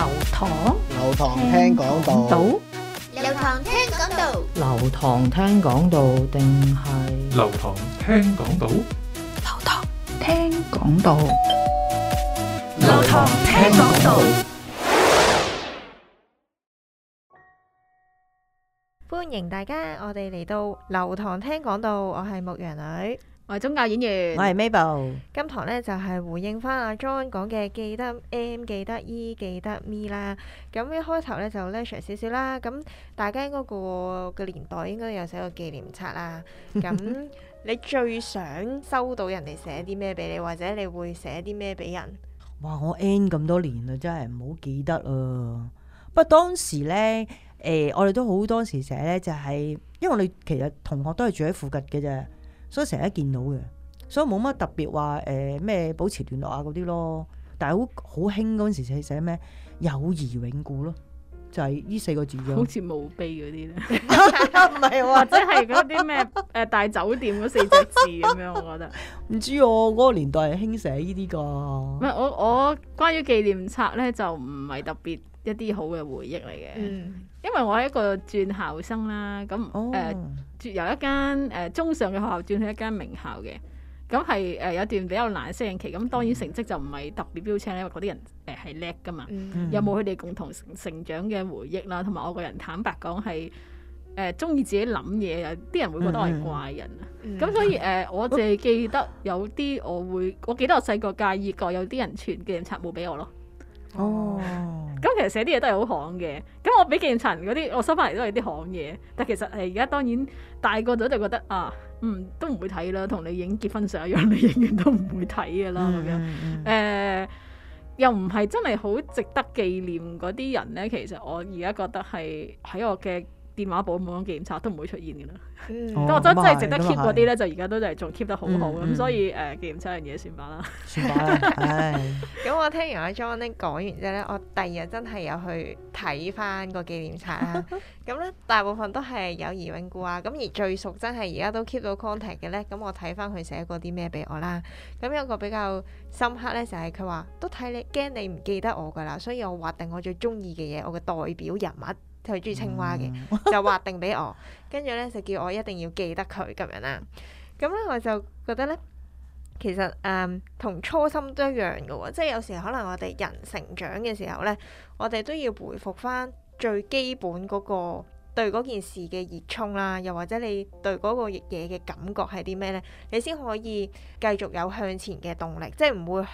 流堂，流堂聽講道，流堂聽講道，流堂聽講道定係，流堂聽講道，流堂聽講道，流堂聽講道，歡迎大家，我哋嚟到流堂聽講道，我係牧羊女。我係宗教演員，我係 Mabel。今堂咧，就係、是、回應翻阿 John 講嘅，記得 M，記得 E，記得 Me 啦。咁一開頭咧就 lecture 少少啦。咁大家應該個嘅年代應該有寫過紀念冊啦。咁 你最想收到人哋寫啲咩俾你，或者你會寫啲咩俾人？哇！我 N 咁多年啦，真係唔好記得啊。不過當時咧，誒、欸，我哋都好多時寫咧、就是，就係因為我哋其實同學都係住喺附近嘅啫。所以成日都見到嘅，所以冇乜特別話誒咩保持聯絡啊嗰啲咯，但係好好興嗰陣時寫寫咩友誼永固咯，就係、係、呢四個字。好似墓碑嗰啲咧，唔 係 吧或者係嗰啲咩誒大酒店嗰四隻字咁樣，我覺得。唔 知我嗰個年代係興寫呢啲㗎。唔係我我關於紀念冊咧，就唔係特別一啲好嘅回憶嚟嘅。嗯。因為我係一個轉校生啦，咁誒、oh. 呃、由一間誒、呃、中上嘅學校轉去一間名校嘅，咁係誒有一段比較難適應期，咁當然成績就唔係特別標青，因為嗰啲人誒係叻㗎嘛。Mm hmm. 有冇佢哋共同成，成長嘅回憶啦？同埋我個人坦白講係誒鍾意自己諗嘢，啲人會覺得我係怪人啊。咁、mm hmm. mm hmm. 所以誒、呃，我淨係記得有啲我會，oh. 我記得我細個介意過有啲人傳檢查簿俾我咯。哦。Oh. 咁其實寫啲嘢都係好戇嘅，咁我畀陳嗰啲，我收翻嚟都係啲戇嘢，但其實誒而家當然大個咗就覺得啊，嗯都唔會睇啦，同你影結婚相一樣，你永遠都唔會睇嘅啦咁樣，誒、嗯嗯嗯呃、又唔係真係好值得紀念嗰啲人咧，其實我而家覺得係喺我嘅。電話簿、網紀念冊都唔會出現嘅啦，嗯、但係真真係、嗯、值得 keep 嗰啲咧，嗯、就而家都係仲 keep 得好好咁，嗯嗯、所以誒、呃、紀念冊樣嘢算吧啦。算吧啦。咁我聽完阿 Johnny 咧講完之後咧，我第二日真係有去睇翻個紀念冊啦。咁咧 大部分都係友誼永固啊，咁 而最熟真係而家都 keep 到 contact 嘅咧，咁我睇翻佢寫過啲咩俾我啦。咁有個比較深刻咧，就係佢話都睇你驚你唔記得我噶啦，所以我劃定我最鍾意嘅嘢，我嘅代表人物。佢中意青蛙嘅，就畫定俾我， 跟住咧就叫我一定要記得佢咁樣啦。咁咧我就覺得咧，其實誒、um, 同初心都一樣㗎喎，即係有時可能我哋人成長嘅時候咧，我哋都要回復翻最基本嗰個。對嗰件事嘅熱衷啦，又或者你對嗰個嘢嘅感覺係啲咩呢？你先可以繼續有向前嘅動力，即係唔會誒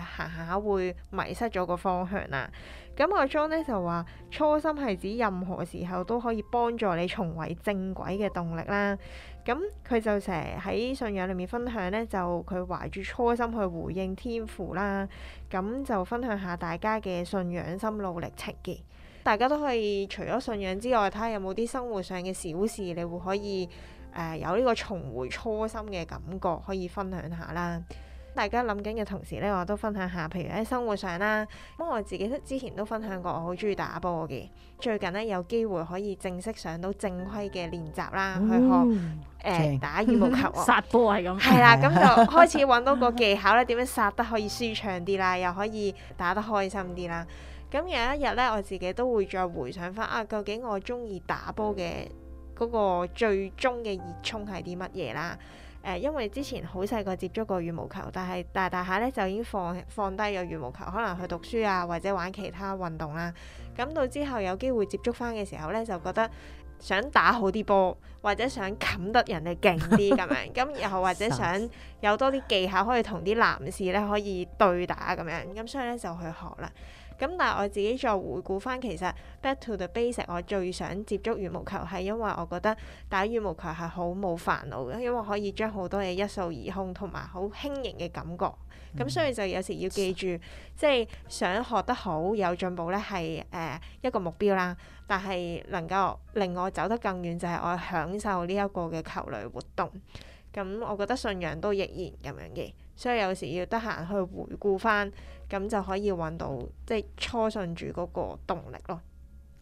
行下會迷失咗個方向啦。咁阿 John 呢就話，初心係指任何時候都可以幫助你重回正軌嘅動力啦。咁佢就成日喺信仰裏面分享呢，就佢懷住初心去回應天父啦。咁就分享下大家嘅信仰心路歷程嘅。大家都可以除咗信仰之外，睇下有冇啲生活上嘅小事，你會可以誒、呃、有呢個重回初心嘅感覺，可以分享下啦。大家諗緊嘅同時咧，我都分享下，譬如喺生活上啦。咁我自己之前都分享過，我好中意打波嘅。最近咧有機會可以正式上到正規嘅練習啦，哦、去學誒、呃、正打羽毛球、殺波係咁。係啦、啊，咁就開始揾到個技巧咧，點樣殺得可以舒暢啲啦，又可以打得開心啲啦。咁有一日咧，我自己都會再回想翻啊，究竟我中意打波嘅嗰個最終嘅熱衷係啲乜嘢啦？誒，因為之前好細個接觸過羽毛球，但係大大下咧就已經放放低咗羽毛球，可能去讀書啊，或者玩其他運動啦、啊。咁到之後有機會接觸返嘅時候咧，就覺得想打好啲波，或者想冚得人哋勁啲咁樣，咁 然後或者想有多啲技巧可以同啲男士咧可以對打咁樣，咁所以咧就去學啦。咁但係我自己再回顧翻，其實 back to the basic，我最想接觸羽毛球係因為我覺得打羽毛球係好冇煩惱嘅，因為可以將好多嘢一掃而空，同埋好輕盈嘅感覺。咁、嗯、所以就有時要記住，即、就、係、是、想學得好有進步咧，係誒一個目標啦。但係能夠令我走得更遠，就係、是、我享受呢一個嘅球類活動。咁我覺得信仰都亦然咁樣嘅，所以有時要得閒去回顧翻。咁就可以揾到即係初信主嗰個動力咯。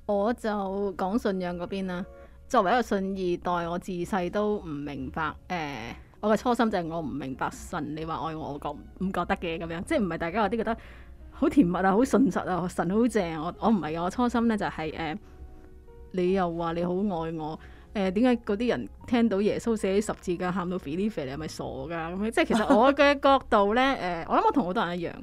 我就講信仰嗰邊啦。作為一個信二代，我自細都唔明白，誒，我嘅初心就係我唔明白神，你話愛我，我覺唔覺得嘅咁樣，即係唔係大家有啲覺得好甜蜜啊，好純實啊，神好正。我我唔係啊，我初心咧就係誒，你又話你好愛我，誒，點解嗰啲人聽到耶穌寫十字架，喊到肥膩肥膩，你係咪傻噶？咁樣，即係其實我嘅角度咧，誒，我諗我同好多人一樣。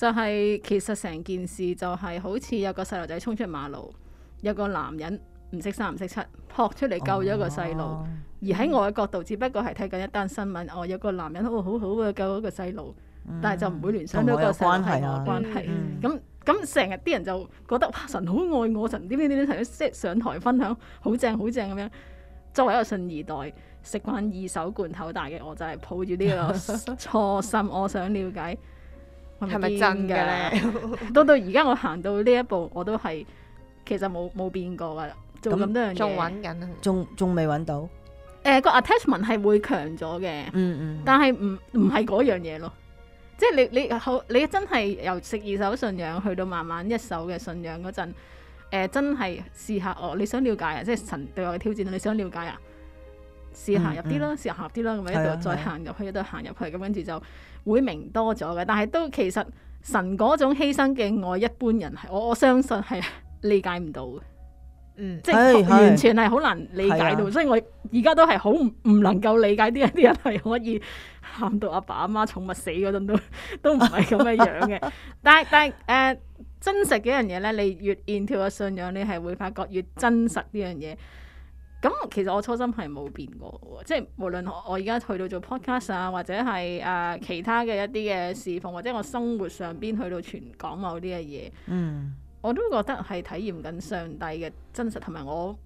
就係、是、其實成件事就係、是、好似有個細路仔衝出馬路，有個男人唔識三唔識七，撲出嚟救咗個細路。哦啊、而喺我嘅角度，只不過係睇緊一單新聞。哦，有個男人好好好啊，救咗個細路。但係就唔會聯想到個關係，關係、啊。咁咁成日啲人就覺得神好愛我，神點點點點，神即上台分享，好正好正咁樣。作為一個信二代，食慣二手罐頭大嘅我，就係、是、抱住呢、這個 初心，我想了解。係咪真嘅咧？？ 到到而家我行到呢一步，我都係其實冇冇變過噶。做咁多樣嘢，仲揾緊，仲仲未揾到。誒、呃，個 attachment 係會強咗嘅。嗯嗯。但係唔唔係嗰樣嘢咯，即係你你好，你真係由食二手信仰去到慢慢一手嘅信仰嗰陣，誒、呃，真係試下哦。你想了解啊？即係神對我嘅挑戰，你想了解啊？試行入啲囉，試行入啲囉，咁咪、嗯、一度再行入、嗯、去，一度行入去，咁跟住就會明多咗嘅。但係都其實神嗰種犧牲嘅愛，一般人係我我相信係理解唔到嘅，嗯，哎、即係、哎、完全係好難理解到。啊、所以我而家都係好唔能夠理解啲一啲人係 可以喊到阿爸阿媽寵物死嗰陣都都唔係咁嘅樣嘅。 但係但係誒，真實嘅一樣嘢咧，你越 in 到嘅信仰，你係會發覺越真實呢樣嘢。咁其實我初心係冇變過嘅，即係無論我而家去到做 podcast 啊，或者係誒、呃、其他嘅一啲嘅侍奉，或者我生活上邊去到傳講某啲嘅嘢，嗯，我都覺得係體驗緊上帝嘅真實，同埋我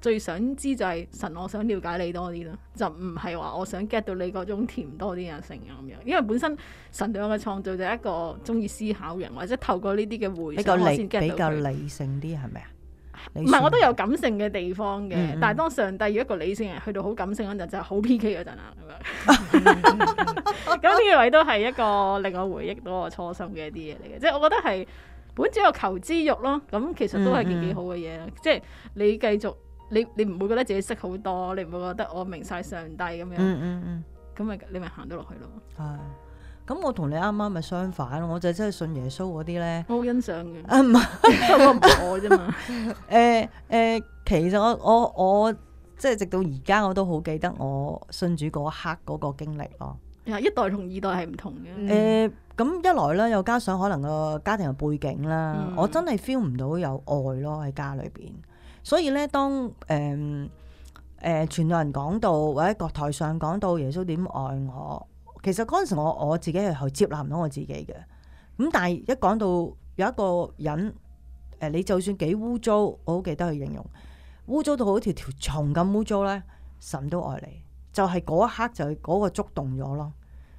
最想知就係神，我想了解你多啲咯，就唔係話我想 get 到你嗰種甜多啲人性咁樣，因為本身神對我嘅創造就係一個鍾意思考人，或者透過呢啲嘅回，比較理比較理性啲，係咪啊？唔係我都有感性嘅地方嘅，嗯嗯，但係當上帝要一個理性人去到好感性嗰陣，就係、是、好 P K 嗰陣啊！咁樣咁呢位都係一個令我回憶到我初心嘅一啲嘢嚟嘅。即、就、係、是、我覺得係本住有求知欲咯。咁其實都係幾幾好嘅嘢，嗯嗯，即係你繼續你你唔會覺得自己識好多，你唔會覺得我明晒上帝咁樣，咁咪、嗯嗯嗯、你咪行得落去咯。嗯咁我同你啱啱咪相反咯，我就真係信耶穌嗰啲咧。我好欣賞嘅。啊唔係，我唔愛啫嘛。誒誒，其實我我我即係直到而家我都好記得我信主嗰刻嗰個經歷咯。一代同二代係唔同嘅。誒咁、嗯呃、一來咧，又加上可能個家庭嘅背景啦，嗯、我真係 feel 唔到有愛咯喺家裏邊。所以咧，當誒誒傳道人講到或者台上講到耶穌點愛我。其實嗰陣時我我自己係接納唔到我自己嘅，咁但係一講到有一個人，誒你就算幾污糟，我好記得佢形容污糟到好似條條蟲咁污糟咧，神都愛你，就係、是、嗰一刻就嗰個觸動咗咯。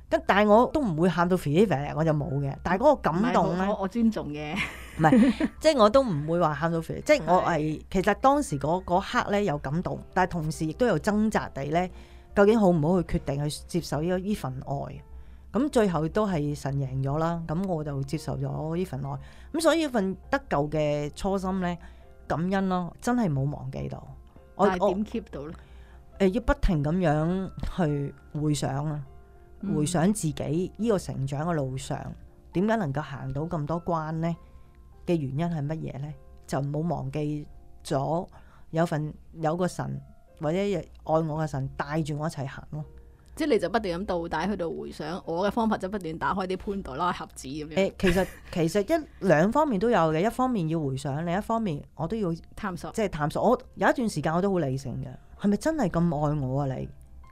咁但係我都唔會喊到 feel 我就冇嘅。但係嗰個感動咧，我我尊重嘅是，唔係， 即係我都唔會話喊到 feel 即係我係其實當時嗰、嗰、刻咧有感動，但係同時亦都有掙扎地咧。究竟好唔好去決定去接受呢？呢份愛，咁最後都係神贏咗啦。咁我就接受咗呢份愛。咁所以份得救嘅初心呢，感恩咯，真係冇忘記到。但係點 keep 到呢、呃？要不停咁樣去回想啊，回想自己呢個成長嘅路上，點解、嗯、能夠行到咁多關呢？嘅原因係乜嘢呢？就冇忘記咗有份有個神。或者一日愛我嘅神帶住我一齊行咯，即係你就不斷咁倒底去到回想我嘅方法，就不斷打開啲潘朵拉盒子咁樣。誒、欸，其實其實一兩方面都有嘅，一方面要回想，另一方面我都要探索，即係探索。我有一段時間我都好理性嘅，係咪真係咁愛我啊你？你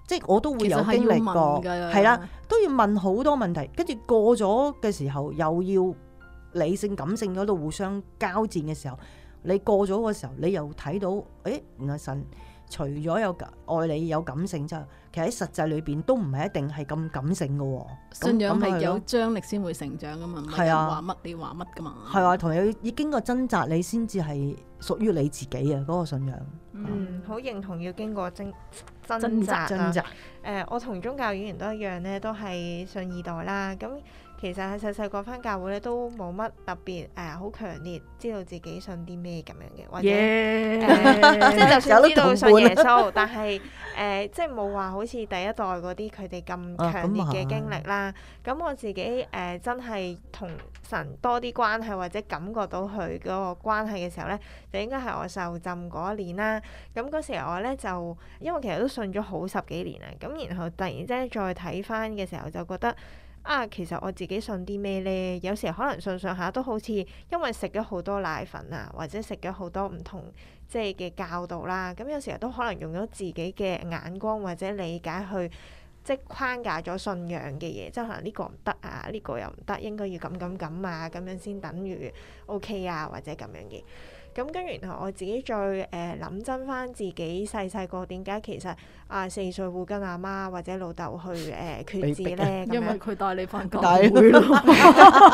即係我都會有經歷過，係啦，都要問好多問題。跟住過咗嘅時候，又要理性感性嗰度互相交戰嘅時候，你過咗嘅時候，你又睇到，誒、欸，原來神。除咗有愛你有感性之外，其實喺實際裏邊都唔係一定係咁感性嘅喎、哦。信仰係有張力先會成長嘅嘛，係啊，話乜你話乜嘅嘛，係啊，嗯嗯，同你要要經過掙扎，你先至係屬於你自己啊。嗰個信仰。嗯，好認同要經過掙掙扎啊！誒扎，我同宗教語言都一樣咧，都係信二代啦，咁扎。扎其實喺細細個返教會咧，都冇乜特別誒，好、呃、強烈知道自己信啲咩咁樣嘅，或者即係就算知道信耶穌， 但係誒、呃，即係冇話好似第一代嗰啲佢哋咁強烈嘅經歷啦。咁、啊啊、我自己誒、呃、真係同神多啲關係，或者感覺到佢嗰個關係嘅時候咧，就應該係我受浸嗰一年啦。咁、那、嗰、個、時候我咧就因為其實都信咗好十幾年啦，咁然後突然即係再睇返嘅時候就覺得。啊，其實我自己信啲咩咧？有時候可能信上下都好似，因為食咗好多奶粉啊，或者食咗好多唔同即係嘅教導啦、啊。咁有時候都可能用咗自己嘅眼光或者理解去，即係框架咗信仰嘅嘢。即係可能呢個唔得啊，呢個又唔得，應該要咁咁咁啊，咁樣先等於 OK 啊，或者咁樣嘅。咁跟住然後我自己再誒諗真翻自己細細個點解其實啊、呃、四歲會跟阿媽或者老豆去誒、呃、決志咧？樣因為佢帶你翻教會咯。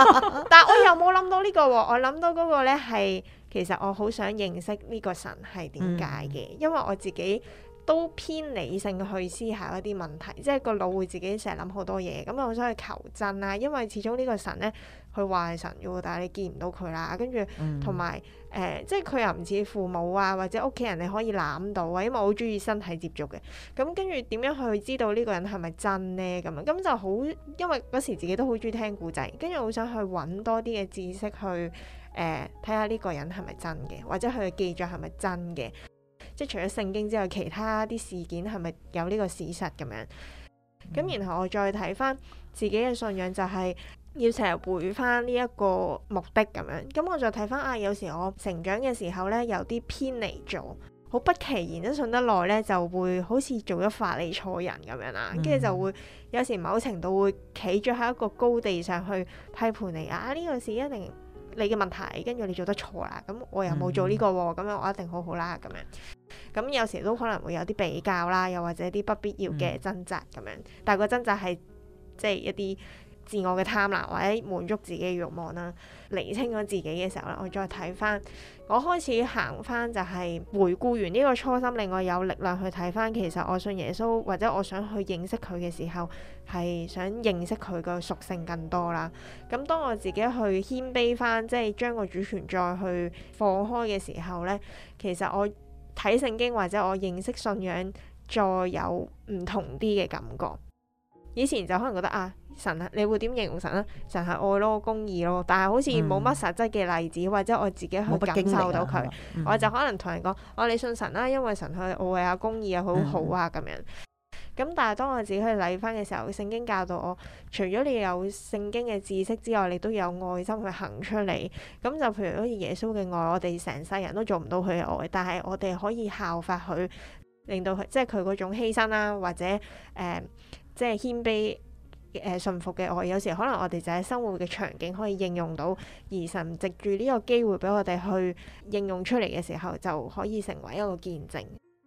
但係我又冇諗到呢個喎。哦，我諗到嗰個咧係其實我好想認識呢個神係點解嘅，嗯、因為我自己。都偏理性去思考一啲問題，即係個腦會自己成日諗好多嘢，咁好想去求真啦。因為始終呢個神咧，佢話係神喎，但係你見唔到佢啦。跟住同埋誒，即係佢又唔似父母啊，或者屋企人你可以攬到啊，因為我好中意身體接觸嘅。咁跟住點樣去知道呢個人係咪真呢？咁啊，咁就好，因為嗰時自己都好中意聽故仔，跟住好想去揾多啲嘅知識去誒睇下呢個人係咪真嘅，或者佢嘅記載係咪真嘅。即除咗聖經之外，其他啲事件係咪有呢個事實咁樣？咁、嗯、然後我再睇翻自己嘅信仰，就係要成日回翻呢一個目的咁樣。咁我就睇翻啊，有時我成長嘅時候咧，有啲偏離咗好不其然都信得耐咧，就會好似做咗法利賽人咁樣啦。跟住、嗯、就會有時某程度會企咗喺一個高地上去批判你啊，呢、這個事一定。你嘅問題，跟住你做得錯啦，咁我又冇做呢個喎，咁樣、嗯、我一定好好啦，咁樣，咁有時都可能會有啲比較啦，又或者啲不必要嘅掙扎咁樣，嗯、但係個掙扎係即係一啲。自我嘅貪婪或者滿足自己嘅欲望啦，釐清咗自己嘅時候咧，我再睇翻。我開始行翻就係回顧完呢個初心，令我有力量去睇翻。其實我信耶穌或者我想去認識佢嘅時候，係想認識佢個屬性更多啦。咁當我自己去謙卑翻，即係將個主權再去放開嘅時候呢，其實我睇聖經或者我認識信仰，再有唔同啲嘅感覺。以前就可能覺得啊～神啊，你會點形容神咧？神係愛咯，公義咯，但係好似冇乜實質嘅例子，嗯、或者我自己去感受到佢，啊、我就可能同人講：我、嗯哦、你信神啦、啊，因為神去愛啊，公義啊，好好啊，咁樣、嗯。咁但係當我自己去理翻嘅時候，聖經教導我，除咗你有聖經嘅知識之外，你都有愛心去行出嚟。咁就譬如好似耶穌嘅愛，我哋成世人都做唔到佢嘅愛，但係我哋可以效法佢，令到佢即係佢嗰種犧牲啦，或者誒、呃，即係謙卑。誒順服嘅愛，有時可能我哋就喺生活嘅場景可以應用到，而神藉住呢個機會俾我哋去應用出嚟嘅時候，就可以成為一個見證。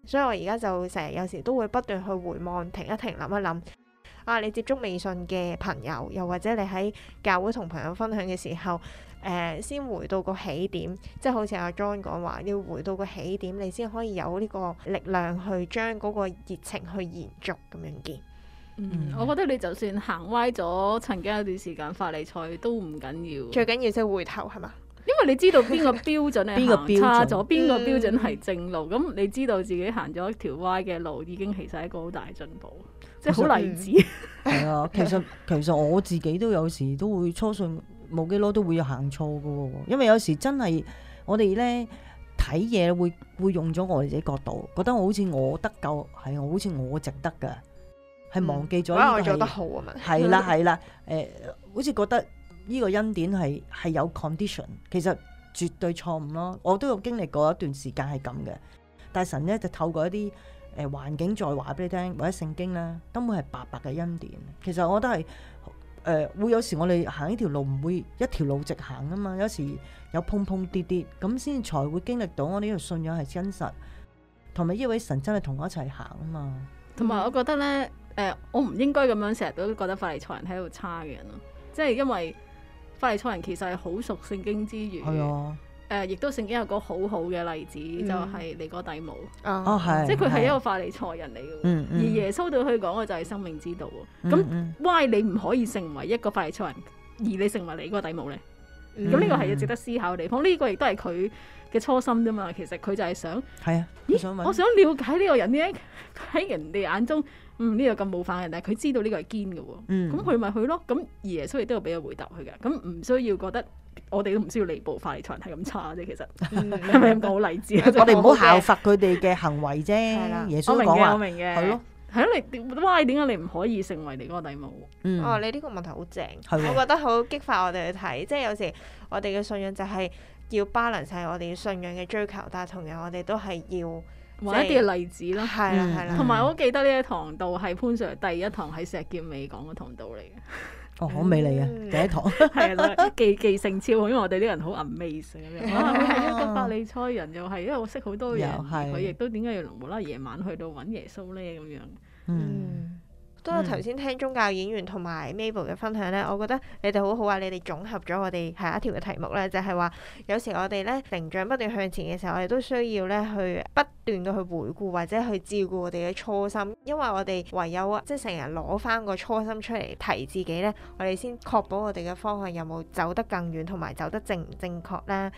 所以我而家就成日有時都會不斷去回望，停一停，諗一諗。啊，你接觸微信嘅朋友，又或者你喺教會同朋友分享嘅時候，誒、呃、先回到個起點，即係好似阿 John 講話，要回到個起點，你先可以有呢個力量去將嗰個熱情去延續咁樣見。嗯，我覺得你就算行歪咗，曾經有段時間法利賽都唔緊要,要，最緊要識回頭係嘛？因為你知道邊個標準係行差咗，邊個 標準係正路，咁、嗯嗯嗯、你知道自己行咗一條歪嘅路，已經其實係一個好大進步，即係好例子。係啊、嗯， 其實其實我自己都有時都會初信冇幾耐，都會有行錯㗎。因為有時真係我哋呢睇嘢會會用咗我哋自己角度，覺得我好似我得救，係我好似我值得㗎。係、嗯、忘記咗，因為我做得好啊嘛。係啦係啦，誒、呃、好似覺得呢個恩典係係有 condition，其實絕對錯誤咯。我都有經歷過一段時間係咁嘅，但神咧就透過一啲誒、呃、環境再話俾你聽，或者聖經啦，根本係白白嘅恩典。其實我覺得係誒、呃、會有時我哋行呢條路唔會一條路直行啊嘛，有時有碰碰跌跌咁先至，才會經歷到我呢個信仰係真實，同埋呢位神真係同我一齊行啊嘛。同埋、嗯、我覺得咧。誒、呃，我唔應該咁樣成日都覺得法利賽人喺度差嘅人咯，即係因為法利賽人其實係好熟聖經之餘，誒、oh yeah. 呃，亦都聖經有個好好嘅例子，mm. 就係你個底母，oh. 即係佢係一個法利賽人嚟嘅，oh, yes, yes. 而耶穌對佢講嘅就係生命之道，咁 why、mm. 你唔可以成為一個法利賽人，而你成為你個底母咧？咁呢個係要值得思考嘅地方，呢個亦都係佢嘅初心啫嘛。其實佢就係想，係啊，咦想我想了解呢個人，呢喺人哋眼中，嗯，呢、這個咁冒犯嘅人，但係佢知道呢個係堅嘅，咁佢咪去咯。咁耶穌亦都有俾佢回答佢嘅，咁唔需要覺得我哋都唔需要離暴法嚟，做人係咁差啫。其實係咪咁講好勵志？我哋唔好效法佢哋嘅行為啫。耶穌講話，我明嘅，係咯。係咯、啊，你哇，點解你唔可以成為你嗰個弟兄哦？你呢個問題好正，的我覺得好激發我哋去睇。即係有時我哋嘅信仰就係要 balance 係我哋信仰嘅追求，但係同樣我哋都係要。或者一啲例子咯，係啦係啦，同埋、嗯嗯、我記得呢一堂道係潘 sir 第一堂喺石硤尾講嘅堂道嚟嘅。 哦，好美麗啊！第一堂係啊，記記性超好，因為我哋啲人好 amaze 咁樣，係一個百里賽人又係，因為我識好多嘢，佢亦都點解要無啦啦夜晚去到揾耶穌咧咁樣。嗯都係頭先聽宗教演員同埋 Mabel 嘅分享咧，我覺得你哋好好啊！你哋綜合咗我哋下一條嘅題目咧，就係話有時我哋咧成長不斷向前嘅時候，我哋都需要咧去不斷去回顧或者去照顧我哋嘅初心，因為我哋唯有即係成日攞翻個初心出嚟提自己咧，我哋先確保我哋嘅方向有冇走得更遠同埋走得正唔正確啦。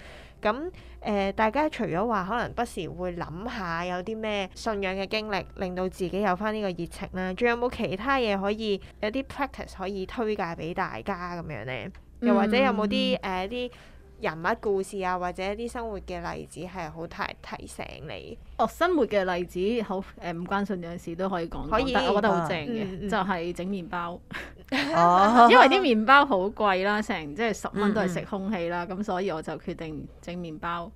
咁誒、呃，大家除咗話可能不時會諗下有啲咩信仰嘅經歷，令到自己有翻呢個熱情啦，仲有冇其他嘢可以有啲 practice 可以推介俾大家咁樣咧？又或者有冇啲誒啲人物故事啊，或者啲生活嘅例子係好提提醒你？哦，生活嘅例子好誒，唔、呃、關信仰事都可以講，可以，我覺得好正嘅，嗯嗯、就係整麵包。 因為啲麵包好貴啦，成即係十蚊都係食空氣啦，咁、嗯、所以我就決定整麵包。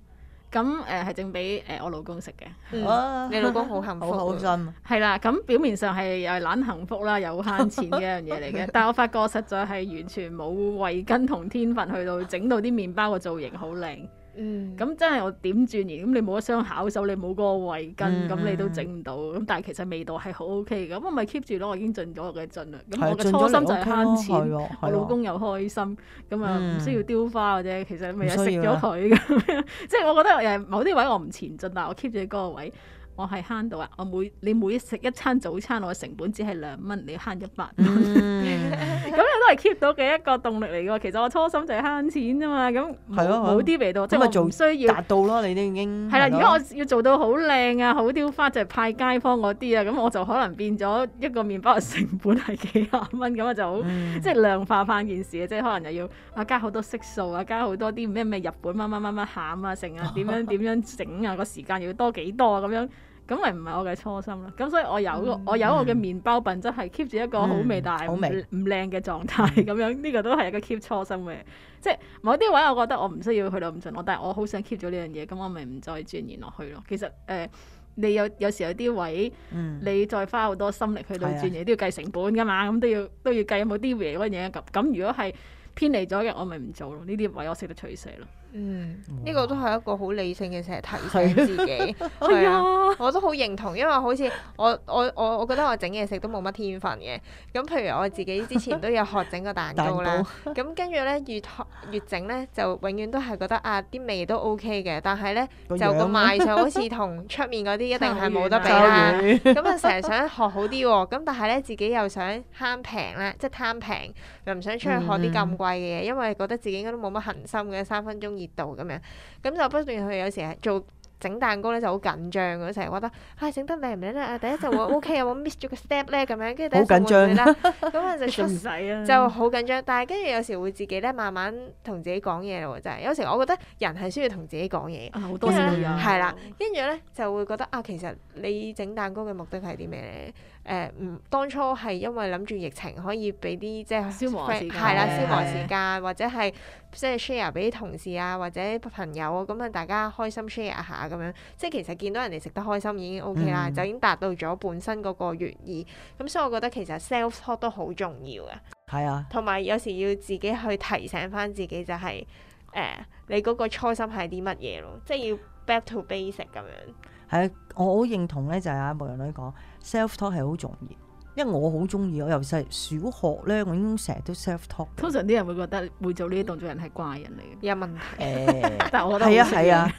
咁誒係整俾誒我老公食嘅。嗯、 你老公好幸福， 好心信。係啦，咁表面上係又係懶幸福啦，又慳錢嘅一樣嘢嚟嘅。 但係我發覺我實在係完全冇慧根同天份，去到整到啲麵包嘅造型好靚。嗯，咁真係我點轉嚟，咁你冇一雙巧手，你冇嗰個慧根，咁、嗯、你都整唔到。咁、嗯、但係其實味道係好 OK 咁，我咪 keep 住咯。我已經盡咗我嘅盡啦。咁的我嘅初心就係慳錢，我老公又開心，咁啊唔需要雕花嘅啫。嗯、其實咪食咗佢咁，即係我覺得某啲位我唔前進，但係我 keep 住嗰個位，我係慳到啊！我每你每一食一餐早餐，我嘅成本只係兩蚊，你慳一百蚊。嗯 係 keep 到嘅一個動力嚟嘅喎，其實我初心就係慳錢啫嘛，咁冇啲味道即係咪仲需要達到咯，你都已經係啦。係。係。如果我要做到好靚啊，好雕花就係、派街坊嗰啲啊，咁我就可能變咗一個麵包嘅成本係幾百蚊啊，咁我就好、嗯、即係量化翻件事啊，即係可能又要啊加好多色素多啲咩咩乜乜乜乜啊，加好多啲咩咩日本乜乜乜乜餡啊，成啊點樣點樣整啊，個時間又要多幾多咁樣。咁咪唔係我嘅初心咯，咁所以我有個、嗯、我有我嘅麵包品質係 keep 住一個好味，嗯、但係唔唔靚嘅狀態咁樣，呢、這個都係一個 keep 初心嘅，即係某啲位我覺得我唔需要去到咁盡我，但係我好想 keep 咗呢樣嘢，咁我咪唔再鑽研落去咯。其實誒、呃，你有有時有啲位，嗯、你再花好多心力去到鑽研，都要計成本噶嘛，咁都要都要計有冇啲嘢嗰嘢咁。咁如果係偏離咗嘅，我咪唔做咯。呢啲位我識得取捨咯。嗯，呢哇個都係一個好理性嘅成日提醒自己。係啊，我都好認同，因為好似我我我我覺得我整嘢食都冇乜天分嘅。咁譬如我自己之前都有學整個蛋糕啦，咁跟住咧越學越整咧，就永遠都係覺得啊啲味都 OK 嘅，但係咧樣就個賣相好似同出面嗰啲一定係冇得比啦。咁啊成日想學好啲咁、啊、但係咧自己又想慳平咧，即係貪平又唔想出去學啲咁貴嘅嘢，嗯、因為覺得自己應該都冇乜恒心嘅三分鐘。熱度咁樣，咁就不斷去有時係做整蛋糕咧就好緊張嘅，成日覺得唉，整、哎、得靚唔靚咧？第一就會 O K，有冇 miss 咗個 step 咧？咁樣跟住第一好滿佢啦，咁就出使、 啊、就好緊張。但係跟住有時會自己咧慢慢同自己講嘢咯。就係有時我覺得人係需要同自己講嘢，好多係啦，跟住咧就會覺得啊，其實你整蛋糕嘅目的係啲咩咧？誒唔、呃、當初係因為諗住疫情可以俾啲即係消磨時間，啦的消磨時間，的或者係即係 share 俾啲同事啊，或者朋友咁啊，大家開心 share 下咁樣。即係其實見到人哋食得開心已經 OK 啦，嗯、就已經達到咗本身嗰個願意。咁所以我覺得其實 self talk 都好重要嘅。係啊。同埋的有，有時要自己去提醒翻自己、就是，就係誒你嗰個初心係啲乜嘢咯？即係要 back to basic 咁樣。係，我好認同咧、啊，就係阿牧羊女講。self talk 係好重要，因為我好中意，我由細小學咧，我已經成日都 self talk。通常啲人會覺得會做呢啲動作人係怪人嚟嘅、啊啊， 有冇問題？誒，但係我覺得係啊係啊，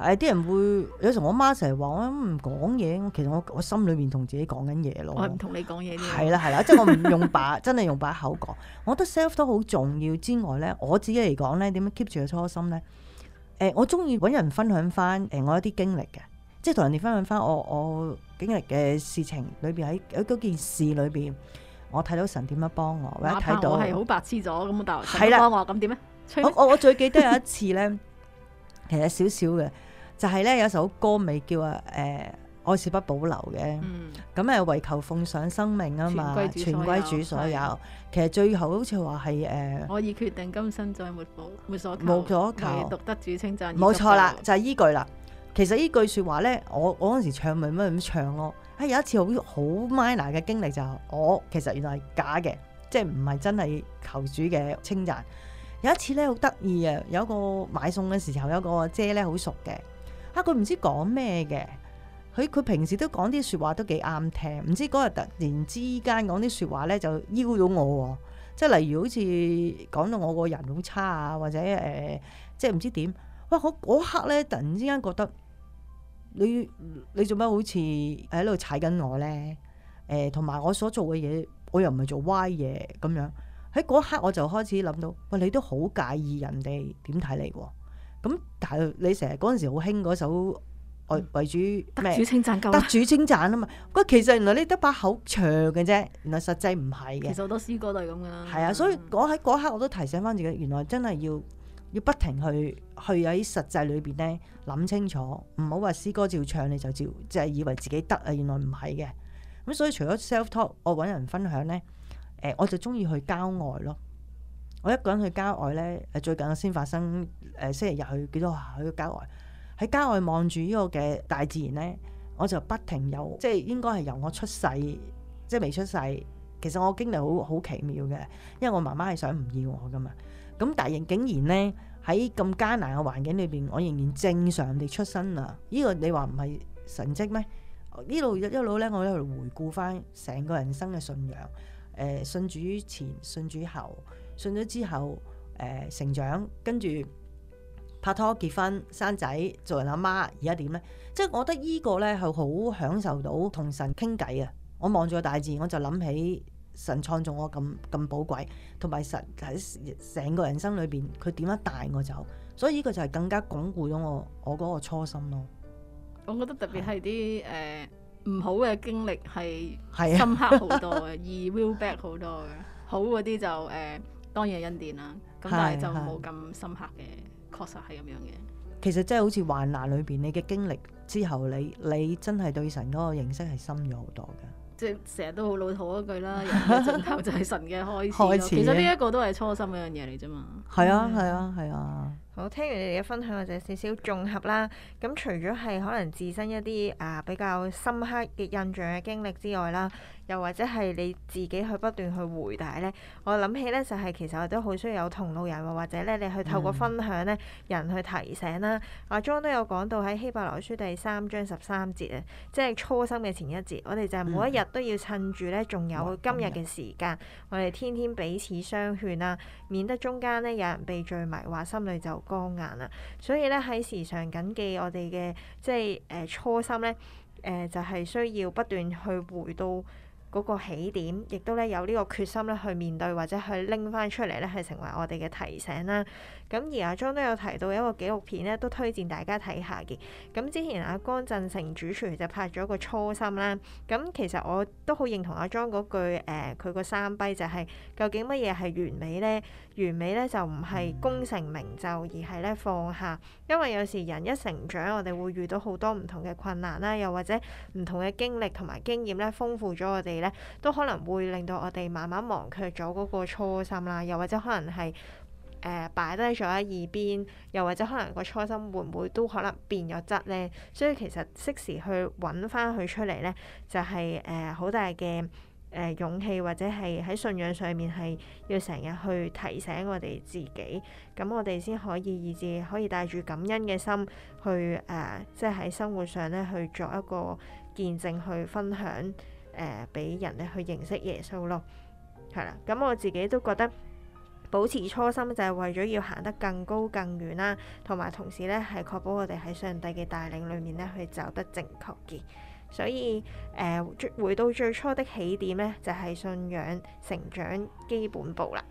係啲人會有時，我媽成日話我唔講嘢，其實我我心裏面同自己講緊嘢咯。我唔同你講嘢添。係啦係啦，即係我唔用把， 真係用把口講。我覺得 self talk 好重要之外咧，我自己嚟講咧，點樣 keep 住個初心咧？誒、欸，我中意搵人分享翻，誒，我一啲經歷嘅。即係同人哋分享翻我我經歷嘅事情裏邊，喺嗰件事裏邊，我睇到神點樣幫我，或者睇到係好白痴咗咁冇道理，唔幫我咁點咧？我我最記得有一次咧，其實少少嘅，就係咧有首歌咪叫啊，誒，愛是不保留嘅，咁誒，為求奉上生命啊嘛，全歸主所有。其實最後好似話係誒，我已決定今生再沒保，沒所求，獨得主稱讚。冇錯啦，就係依句啦。其實句呢句説話咧，我我嗰陣時唱咪乜咁唱咯。啊、哎，有一次好好 minor 嘅經歷就係、是、我、哦、其實原來係假嘅，即係唔係真係求主嘅稱讚。有一次咧好得意啊，有一個買餸嘅時候，有一個姐咧好熟嘅，啊佢唔知講咩嘅，佢佢平時都講啲説話都幾啱聽，唔知嗰日突然之間講啲説話咧就邀到我喎、哦，即係例如好似講到我個人好差啊，或者誒、呃、即係唔知點，哇！嗰刻咧突然之間覺得。你你做咩好似喺度踩緊我咧？誒、呃，同埋我所做嘅嘢，我又唔係做歪嘢咁樣。喺嗰刻我就開始諗到，喂，你都好介意人哋點睇你喎？咁但係你成日嗰陣時好興嗰首愛為主咩？得主稱讚夠啦。得主稱讚啊嘛！喂，其實原來你得把口長嘅啫，原來實際唔係嘅。其實好多詩歌都係咁噶啦。係啊，所以我喺嗰刻我都提醒翻自己，原來真係要。要不停去去喺實際裏邊咧諗清楚，唔好話詩歌照唱你就照，就係以為自己得啊，原來唔係嘅。咁所以除咗 self talk，我揾人分享咧，誒、呃，我就中意去郊外咯。我一個人去郊外咧，誒，最近先發生，誒，星期日去幾多下去郊外，喺郊外望住呢個嘅大自然咧，我就不停有，即係應該係由我出世，即係未出世，其實我經歷好好奇妙嘅，因為我媽媽係想唔要我噶嘛。咁大係竟然咧喺咁艱難嘅環境裏邊，我仍然正常地出生啊！呢、這個你話唔係神蹟咩？呢度一一路咧，我一路回顧翻成個人生嘅信仰，誒、呃、信主前、信主後、信咗之後，誒、呃、成長，跟住拍拖、結婚、生仔、做人阿媽，而家點咧？即係我覺得呢個咧係好享受到同神傾偈啊！我望住個大自然，我就諗起。神創造我咁咁寶貴，同埋神喺成個人生裏邊，佢點樣帶我走，所以呢個就係更加鞏固咗我我嗰個初心咯。我覺得特別係啲誒唔好嘅經歷係深刻好多嘅，而 will back 好多嘅。好嗰啲就誒、呃、當然恩典啦，咁但係就冇咁深刻嘅，確實係咁樣嘅。其實真係好似患難裏邊，你嘅經歷之後，你你真係對神嗰個認識係深咗好多嘅。即係成日都老好老土一句啦，人嘅盡頭就係神嘅開始。 開始其實呢一個都係初心嗰樣嘢嚟啫嘛。係 啊，係啊，係啊。好，聽完你哋嘅分享，我就少少綜合啦。咁除咗係可能自身一啲啊、呃、比較深刻嘅印象嘅經歷之外啦，又或者係你自己去不斷去回答咧，我諗起咧就係、是、其實我都好需要有同路人，或或者咧你去透過分享咧人去提醒啦。阿莊、嗯啊、都有講到喺希伯來書第三章十三節啊，即係初心嘅前一節，我哋就每一日都要趁住咧仲有今日嘅時間，嗯、我哋天天彼此相勸啦、啊，免得中間咧有人被罪迷，話心裏就～光眼啊，所以咧喺時常緊記我哋嘅即係誒、呃、初心咧，誒、呃、就係、是、需要不斷去回到。嗰個起點，亦都咧有呢個決心咧去面對，或者去拎翻出嚟咧，係成為我哋嘅提醒啦。咁而阿莊都有提到一個紀錄片咧，都推薦大家睇下嘅。咁之前阿江振誠主廚就拍咗個初心啦。咁其實我都好認同阿莊嗰句誒，佢、呃、個三悲就係究竟乜嘢係完美呢？完美咧就唔係功成名就，而係咧放下。因為有時人一成長，我哋會遇到好多唔同嘅困難啦，又或者唔同嘅經歷同埋經驗咧，豐富咗我哋。都可能會令到我哋慢慢忘卻咗嗰個初心啦，又或者可能係誒擺低咗喺耳邊，又或者可能個初心會唔會都可能變咗質咧？所以其實適時去揾翻佢出嚟咧，就係誒好大嘅誒、呃、勇氣，或者係喺信仰上面係要成日去提醒我哋自己，咁我哋先可以以至可以帶住感恩嘅心去誒，即係喺生活上咧去作一個見證去分享。誒，俾、呃、人咧去認識耶穌咯，係啦，咁我自己都覺得保持初心就係為咗要行得更高更遠啦，同埋同時咧係確保我哋喺上帝嘅帶領裏面咧去走得正確嘅，所以誒、呃，回到最初的起點咧就係、是、信仰成長基本步啦。